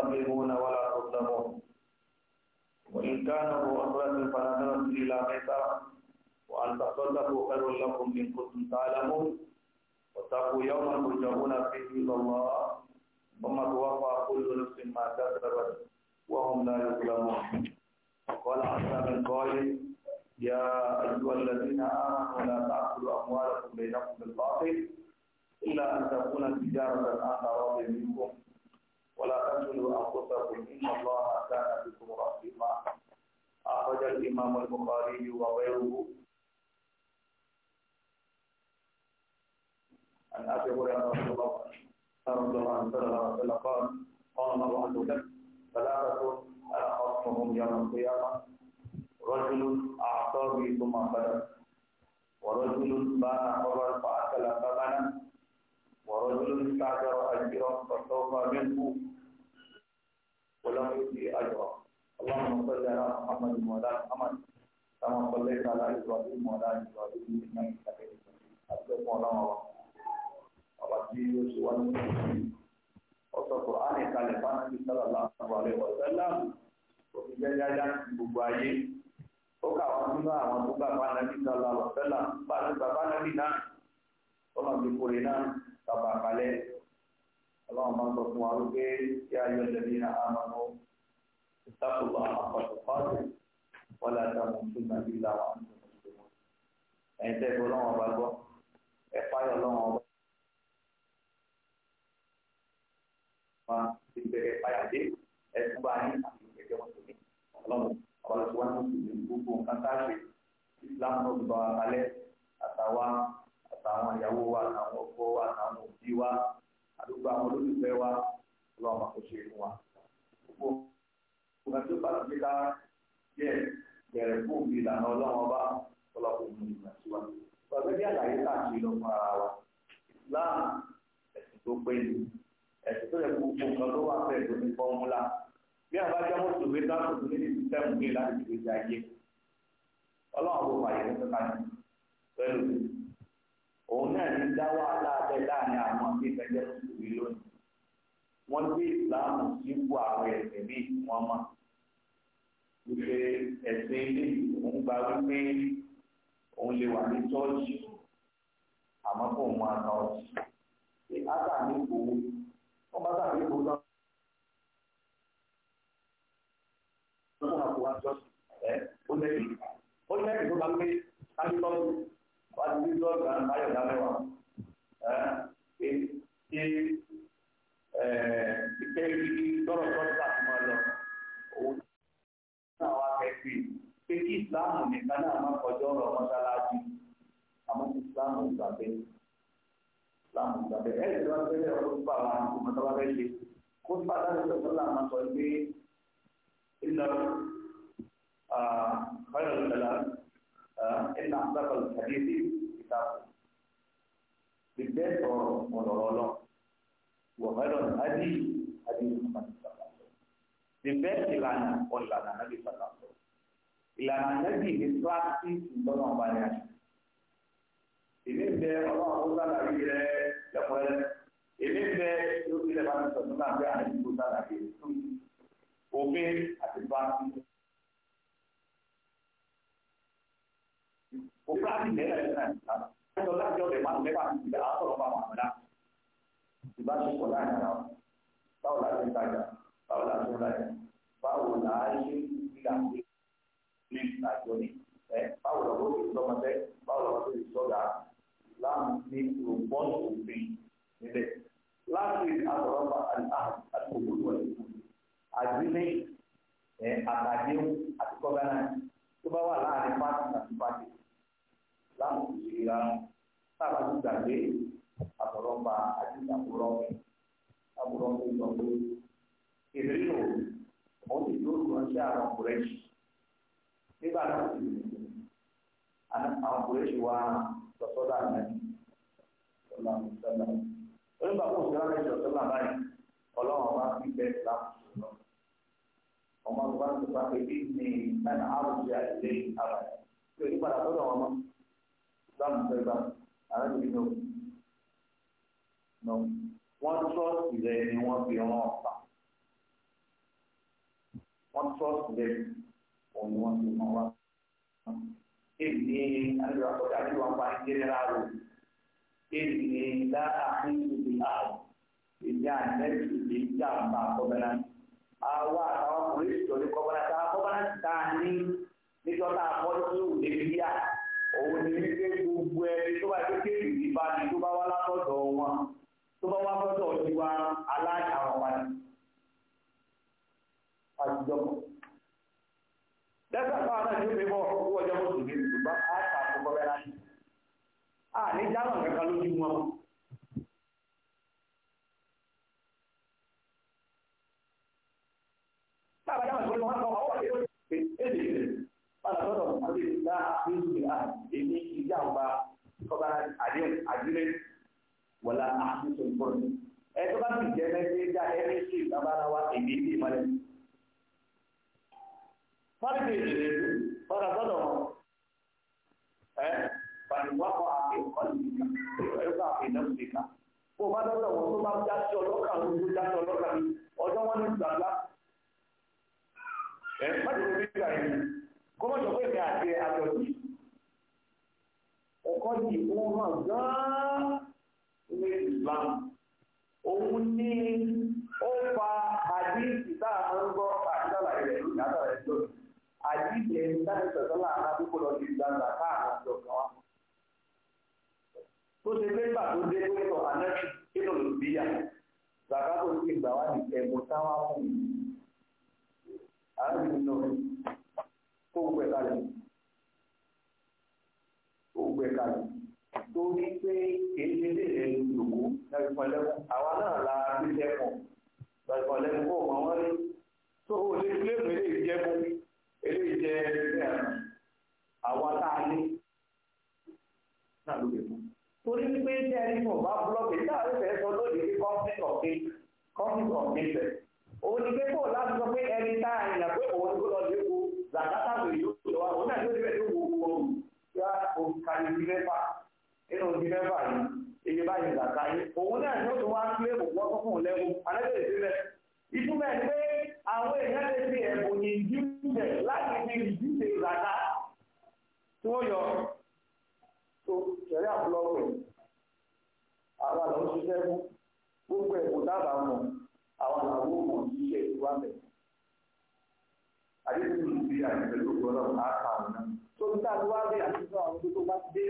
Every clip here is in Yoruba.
تستظلمون ولا تظلمون وإن كانوا رؤساء فنظرة إلى ميسرة وأن تصدقوا خير لكم إن كنتم تعلمون واتقوا يوما ترجعون فيه إلى الله ثم توفى كل نفس ما كسبت وهم لا يظلمون وقال عسى من قائل يا أيها الذين آمنوا لا تأكلوا أموالكم بينكم بالباطل إلا أن تكون تجارة عن منكم ولا تقتلوا أنفسكم إن الله كان بكم رحيما أخرج الإمام البخاري وغيره عن أبي هريرة رضي الله عنه قال قال الله عز وجل ثلاثة أخصهم يوم القيامة رجل أعطى ثم بلغ ورجل باع خبر فأكل ثمنا ورجل استعجر أجرا فاستوفى منه ولم يؤتي أجرا اللهم صل على محمد وعلى محمد كما صليت على إبراهيم وعلى إبراهيم إنك حميد مجيد أبدأ مولانا وبعدي يوسف ọsọ kùránì kalẹ̀ fánàbí sálàlá àwàlẹ̀ ọ̀sẹ́lá òfin jẹ́jájá ti gbogbo ayé ó kà wọ́n nínú àwọn tó gbà fánàbí sálàlá ọ̀sẹ́lá bá ti gbà fánàbí náà tọ́lọ́mí kúrè náà sábà kalẹ̀ ọlọ́run máa ń sọ fún wa wípé kí a yọ lẹ́bí ní àmọ́ ìtàkùnlá àpàtàkọ́tù wọ́n láti àwọn tó nà bí làwọn àti ìṣòro ẹ̀yin tẹ́ gbọ́ lọ́wọ́ ọba gbọ́ ẹ fáyọ̀ lọ́wọ́ ọba wa ti bẹ̀rẹ̀ fáyà dé bá yín àti ìgbẹ́jọ́ wọn tó ní ọlọ́run ọba lọ́sọ wọn ní ìlú gbogbo nǹkan káàkiri Islam náà ti bá wa kalẹ̀ àtàwọn àtàwọn ìyàwó ọkọ wa àtàwọn òbí wa àdúgbò àwọn olólùfẹ́ wa ọlọ́run àkóso inú wa. gbogbo ọ̀gá tó bá ti ká díẹ̀ bẹ̀rẹ̀ fún mi ìlànà ọlọ́run ọba ọlọ́run òun ìgbà sí wa. ọ̀gá bí àlàyé káàkiri lọ fún ara wa islam ẹ̀sìn tó pé ni ẹ̀sìn tó yẹ kó gbogbo nǹkan tó wà fẹ́ẹ̀ tó ní fọ́múlà bí àbájá mọ́tò gbé dáàbò tó ní sísẹ́mù òun náà ní dá wàhálà abẹ láàrin àwọn tí ìfẹjẹ mùsùlùmí lónìí wọ́n gbé ìsìláàmù àwọn bíi wọn mọ wípé ẹ̀sìn ilé òun gba wípé òun lè wà ní ṣọ́ọ̀ṣì àmọ́ kò mọ àná ọtí ṣé átà ní ìgbòho wọ́n bá ní ó lẹ́yìn ó lẹ́yìn tó bá gbé wọ́n ti bí lọ́ọ̀dù náà báyọ̀ dámẹ́wàá ṣe ìfẹ́ lọ́rọ̀ sọ́dọ̀ àti máa lọ òun náà wá kẹ́kẹ́ pé kí ìsìláàmù nìkan náà má kọjọ́ ọ̀rọ̀ mọ́ṣáláṣí àmọ́ kí ìsìláàmù ìgbà bẹ́ẹ̀ ìsìláàmù ìgbà bẹ́ẹ̀ ẹ̀ ìjọba bẹ́ẹ̀ ọ̀rọ̀ tó bá wà ní ọmọ tó bá fẹ́ ṣe kó pàtàkì lọ́sọ̀ làmà sọ pé ìlọ ọ̀rọ̀ ìlọ إن أصدق الحديث كتاب بالبيت ونرولون وخير الهدي هدي محمد صلى الله عليه وسلم بالبيت إلانا وإلانا نبي صلى الله عليه وسلم إلانا نبي إسرائيل سنتون وبانيان إذن بي الله أولا نبي يقول إذن بي يقول لبنى صلى الله عليه وسلم òfin àti báńkì o fúlàní lẹ́yìn ẹ̀rọ náà nípa ẹ̀sọ́ láti ọ̀dẹ̀ máa ń lẹ́bà ní ìgbà àtọ̀rọ̀ bá wọn àdá ìbáṣepọ̀ láàrin ara báwo la ṣe ń tajà báwo la ṣe ń rajà báwo la ṣe ń fi àṣẹ ní ìtajà ní ẹ báwo la bóyá ìsọmọtẹ báwo la bóyá ìsọdà láàmú ní òpónú òfin níbẹ̀ láti àtọ̀rọ̀ bá àtòkòtò ẹ̀ àgbélé àtàdéhùn àti kọ́gánà ìlà táwọn ti gbàgbé àtọ̀rọ̀mpa àti àbúrọ̀ àbúrọ̀ tó sọ pé èrè lò òun ti tó ránṣẹ́ àwọn kùrẹ́ṣì nígbà náà sì àwọn kùrẹ́ṣì wa lọ́sọ́dọ̀ àná sọ́lá sọ́lá onígbà kó sọ́lá rẹ̀ islam fẹ́ gbà àwọn ènìyàn náà nọ wọ́n trọ́ọ̀sì rẹ ni wọ́n fi rán ọ̀pá wọ́n trọ́ọ̀sì rẹ òun ni wọ́n fi rán wá. èmi àti àkọ́jà tí wọ́n pa ìdílé rárá o èmi lára fún ìdílé àrùn èmi àtẹ́sí ìdílé jàǹbá àkọ́bẹ̀rẹ̀ àwa àtàwọn ọkùnrin ìjọ ní kọ́bẹ̀rẹ̀ tá a kọ́bẹ̀rẹ̀ ní níjọ́ tá a kọ́ òun ni wípé gbogbo ẹni tó bá ti kéde ìbá tó bá wá látọ̀dọ̀ wọn tó bá wá gbọ́dọ̀ ti wá aláàjà wọn wá ní. àtijọ́pọ̀. dẹ́sẹ̀ fáwọn fi bọ̀ owó ọjọ́ láàfin mi à èmi ìjàmbá kọ́ba àdéhùn àdílé wọ̀lá àfihàn ìfọ̀rọ̀ ẹ tó bá sì jẹ́ mẹ́sẹ̀ dá ẹni sí ìtàbárawa èdè ìdè ìmọ̀lẹ̀. fọ́nìtì ìdílé fọ́nà sọ́dọ̀ wọn ẹ fàníwákọ̀ àti ìkọlù ìkà ẹ̀rọ àti ìnáwó ìkà bó bá dọ́dọ̀ wọn tó bá já sí ọlọ́kà ló ló já sí ọlọ́kà mi ọjọ́ wọn ní ìgbàgbá ẹ̀ fọ́nìtì ìdílé kọ́mọ̀jọ̀ pé ìfẹ́ àti àjọ̀dí ẹ̀kọ́ di ohun hàn gan-an ní Islam òun ní ó fa àdíìsì tá a máa ń gbọ́ àdídàlà rẹ̀ lónìí àdàlà rẹ̀ lónìí àdíìsì ẹni dáhùn sọ̀tọ́ láàrin àdúgbò lọ sí ìgbàgbà káàkiri àjọ kan wá. tó ṣe pé gbà tó dé tó sọ anẹ́tì nínú olùbíyà gbàgbà tó ti gbà wá ní ẹ̀bùn táwọn fún mi. àárín náà kó gbẹ kalẹ̀ kó gbẹ kalẹ̀ torí pé kìí ṣe léèrè lòlòkó lẹ́gbẹ̀kan lẹ́kùn àwa náà la ṣiṣẹ́ kan lẹ́gbẹ̀kan lẹ́kùn kó mọ wọ́n rí tó o lè fi léèrè eléyìí jẹ́ fún eléyìí jẹ́ ẹgbẹ́ àwa tá a ní náà ló lè fún torí wípé tí ẹni mọ̀ búlọ́ọ̀kì táàrí fẹ́ sọ lónìí pé conflict of interest conflict of òun ni pé kó láti sọ pé ẹni tá a yàn pé òun kó lọ sí kú zakata lè yóò tó wa òun náà yóò débẹ̀ tó wo owó ọ̀hún yá òun kàlí ní mẹ́fà nínú ní mẹ́fà yìí èyí báyìí zàkà yìí òun náà yóò tó wá sílé òkú ọkọ̀ fún lẹ́wọ̀ alẹ́bẹ̀rẹ̀ sílẹ̀ ìtumọ̀ ẹ̀ pé àwọn èèyàn lè fi ẹ̀bùn yìí jíjẹ láti fi ìdíje zàkà tí wọ́n yọ tó ṣẹ̀rí àbúlọ́pẹ̀ àwa lọ́ọ́ ṣiṣẹ́ fún gbogbo ẹ̀bùn dábàá mọ̀ àwọn àwọn ọmọ ṣiṣẹ́ ìwà mẹ́ta àdéhùn ìlú bí àìsàn gbọ́dọ̀ àkà ọ̀nà tó ń tà lọ́wọ́ bí àtúntò àwọn tó bá ti dé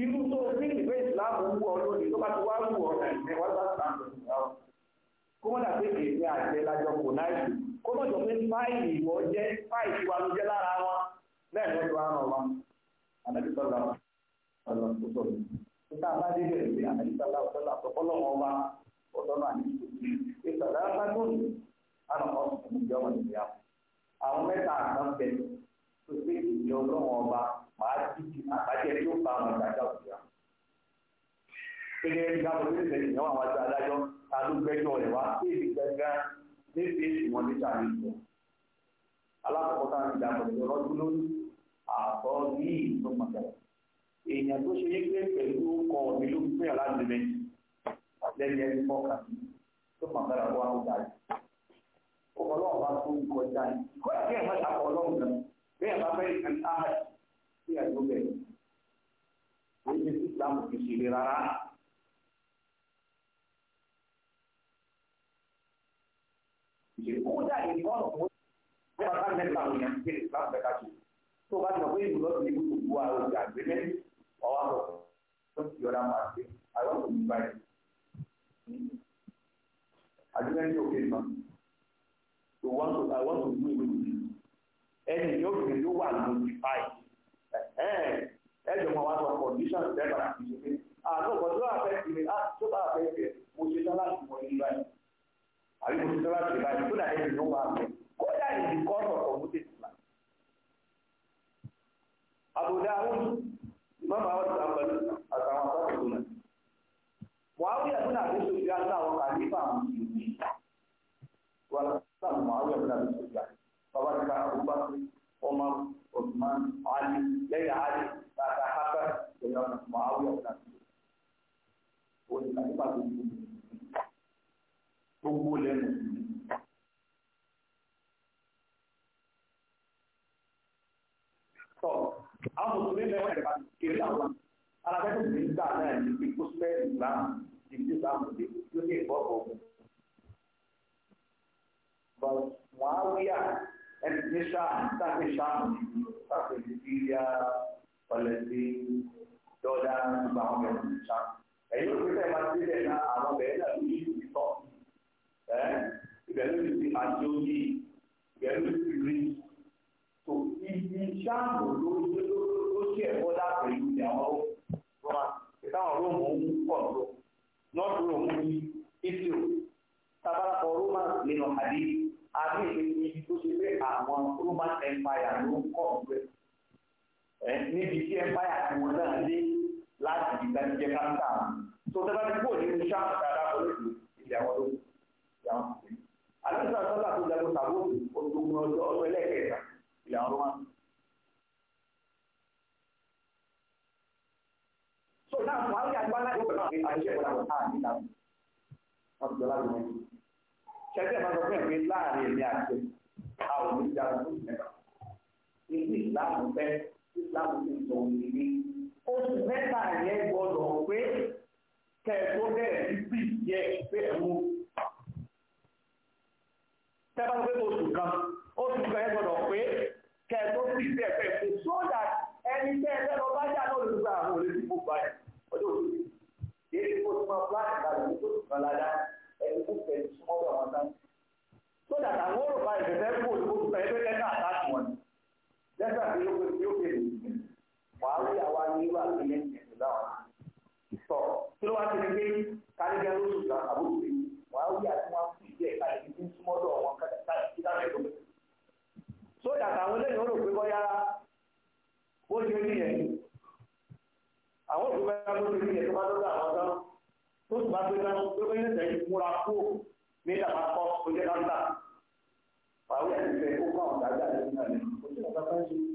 inú tó ní ìwé ìsìláàmù ń wọ lónìí tó bá ti wá wù ọ nàìjíríà wá bá sàmù ìwọ kó mọ̀ dàbí èmi àjẹ lájọ kò náà jù kó mọ̀ jọ pé fáìlì ìwọ jẹ́ fáìlì wa ló jẹ́ lára wọn bẹ́ẹ̀ ló tó àrùn wa ànàbí sọ́la ọ̀nà tó sọ̀rọ̀ nígbà bá dé bẹ̀rẹ̀ pé ànàbí sọ́la ọ̀sọ́la ọ̀pọ̀lọ́ wọn wá ọ̀sọ́la àti ìṣòro ìṣàlá bá tó ní ànàkọ́ ìjọba ìgbéyàwó àwọn mẹ́ta kan bẹ̀ tó pé ìjọ ọlọ́run ọba máa dídì àbájẹ tí ó fa àwọn ìdájọ́ òkúta. Gẹ́gẹ́ bí káwọn tó ṣẹ̀ṣẹ̀ ìyàwó àwọn àti adájọ́ ta ló gbẹ́jọ́ rẹ̀ wá sí èdè gangan ní fèsì wọn ní sàlẹ̀ alákọ̀ọ́kọ́ tá à ń gbà pẹ̀lú ọlọ́dún lórí àtọ́ ní ìtọ́ pàtàkì èèyàn tó ṣe yípe pẹ̀lú ọkọ̀ mi ló ń pè ọlọ́run bá tó ń kọjá ní kó ẹ̀ kí ẹ̀ mọ́ta kọ ọlọ́run náà bẹ́ẹ̀ bá fẹ́ ìkan áhà sí àjọ bẹ́ẹ̀ èyí ti islam kì í ṣe lè rárá. kódà ní ọ̀nà mọ́ bẹ́ẹ̀ bá mẹ́ta àwọn èèyàn ti islam bẹ́ẹ̀ ká ṣe tó bá ti mọ̀ pé ìlú lọ́sùn ní gbogbo àwọn òkè àgbélẹ̀ So once I want to do it with you. Ẹni yóò fi yóò wà notified. Ẹ̀ẹ́n ẹ̀jọ̀ mọ̀ wá sọ condition tẹ́lẹ̀ àti ìṣẹ́fẹ́. Àná ọ̀gbọ̀n tó wà fẹ́ ti àwọn ọ̀gá tó o lè kà nípa tó kú gbogbo lẹ́nu. àwọn mùsùlùmí lẹ́wọ̀n ẹ̀ka kéré àwọn alábẹ́tò ní gbà náà ní pé kó sílẹ̀ ìlànà ìdílé ìlànà òde tí ó ní ìbọ̀ ọ̀gbọ̀n. Muawiya ẹni tí sáà sáà sáà sáà Syria Palestine àwọn ọmọ ẹ̀dùn ìṣá ẹ̀yìn òfin tẹ̀ máa ti lẹ̀ náà àwọn ọmọ ẹ̀dùn àti ìlú ìtọ́ ẹ̀ ibẹ̀ ló ti di àjòyè ibẹ̀ ló ti rí tó ibi ṣáàmù ló ló ṣe ẹ̀kọ́ dàpọ̀ ìlú ní àwọn rọ́mà ìtàwọn róòmù ń pọ̀ tó nọ́ọ̀tù róòmù ní ìsirò tabarakọ róòmà nínú àdé àbí ìpèsè tó ṣe pé àwọn róòmà empire ló ń kọ̀ níbi tí empire tí wọ́n náà dé láti ìgbà ní jẹ́ káńtà tó tẹ́lá ti kúrò nínú sáà dáadáa pẹ̀lú ìdílé àwọn olóògùn ìdílé àwọn olóògùn àlùfáà sọ́là tó jagun tàbí ológun ọjọ́ ọjọ́ ẹlẹ́ẹ̀kẹta ìlà ọ̀rọ̀ wọn. so náà fún àwọn àgbà láti ọ̀pọ̀ náà àìṣe ìwọ̀n àwọn àà níta wọn ti jọ láti wọn. ṣẹ́jẹ́ máa sọ fún ẹ̀mí láàrin èmi àti àwọn oníjà tó mẹ́ta. mẹ́ta yẹn gbọ́dọ̀ pé kẹ́ẹ̀tọ́ bẹ̀rẹ̀ sí yẹ pé ẹ̀mú tẹ́bá pé oṣù kan oṣù kan yẹn gbọ́dọ̀ pé kẹ́ẹ̀tọ́ sí bí ẹ̀fẹ́ pé so that ẹni tẹ́ ẹ lọ́dọ̀ bá jà lọ́dọ̀ nígbà àwọn òde tí kò ọjọ́ òṣù yìí èyí kò tún máa fúláṣì kalẹ̀ ní tó tún kalada ẹni kò fẹ́ súnmọ́ àwọn sáà so that àwọn òrùka wàhálà ìyàwó ayéwà ilé ìjẹ̀dùlá ọ̀hún ìsọ̀ kí ló wá ti ní pé kárígẹ́ lóṣù kan àbúrò mi wàhálà ìyà tí wọ́n fi ìjẹ́ ìka ìdí tí ń súnmọ́ dọ̀ wọn kí dábẹ́ lómi. sódà táwọn lẹ́yìn ó rò pé bọ́yá ó ṣe ní yẹn àwọn òṣùpá ẹ̀ka tó ṣe ní yẹn tó bá lọ́dọ̀ àwọn tán tó sì bá gbé tán pé bẹ́ẹ̀ tẹ̀ múra kú ní ìdàgbà kọ́ ojú ẹ̀ náà wàhálà ìyà ti fẹ́ kó fún àwọn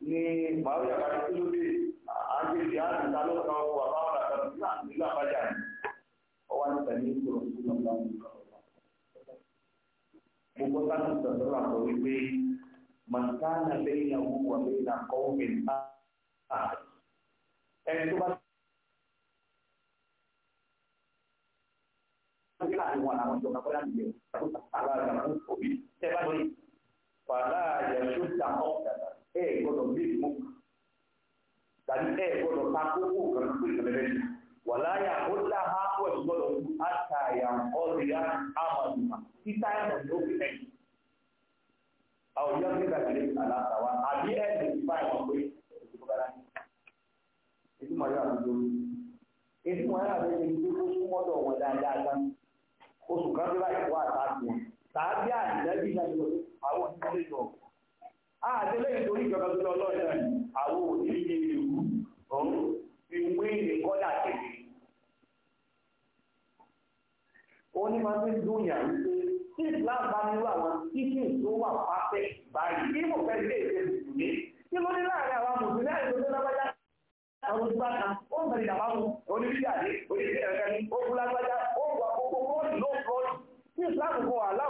ní màáwíyà bá ti tó dé àgbègbè àdìsá ló kan ọkọ̀ àbáwọn àtàkùn sí àdìsá àbájá ni ọwọ́ àtìsá ní ìṣòro sí lọ́gbà ní gbogbo sáàtì sọ̀tọ̀ làwọn wípé màkánà lẹ́yìn àwọn wà lẹ́yìn àkọ́wọ́ mi ta ẹni tó bá ti láàrin wọn àwọn ìjọba kọ́lá nìyẹn àgbàlagbà fún òbí tẹ́ bá lóyún fàlà àyẹ̀ṣó ta ẹ gbọ́dọ̀ bí ìmú tàbí ẹ gbọ́dọ̀ ta kókó kan tó ìtàn lẹ́yìn wà láyà ó dá ha pọ̀ ẹ̀ gbọ́dọ̀ fún àtàyà ọ̀rẹ́ àmàlùmá títà ẹ̀mọ̀ ní òkè lẹ́yìn. àwọn ìyá mi gbàgbé àlàáfà wa àbí ẹ̀ lè fa ẹ̀mọ̀ pé òṣèlú bára ní. ìtumọ̀ yóò àdúgbò ìtumọ̀ yóò àdúgbò ìdúró mọ́tò wọn dáadáa tán oṣù kan tó báyìí wà á tà Ah, àtẹ́lẹ́ ìtorí ìjọba tó lọ lọ́ọ̀dá àwọn òṣìṣẹ́ ìlú ọ̀hún ìwé ìrìnkọ́dà tẹ̀lé ó ní máa ń dún yà wípé tí islam bá nínú àwọn títí tó wà pàṣẹ báyìí kí mo fẹ́ lé èdè mùsùlùmí kí ló ní láàrin àwọn mùsùlùmí àti ìjọba lágbájá àwọn ojú bá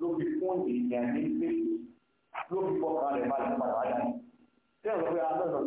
ló fi fún èèyàn ní pé ló fi fọkàn rẹ̀ balẹ̀ padà wáyà ní.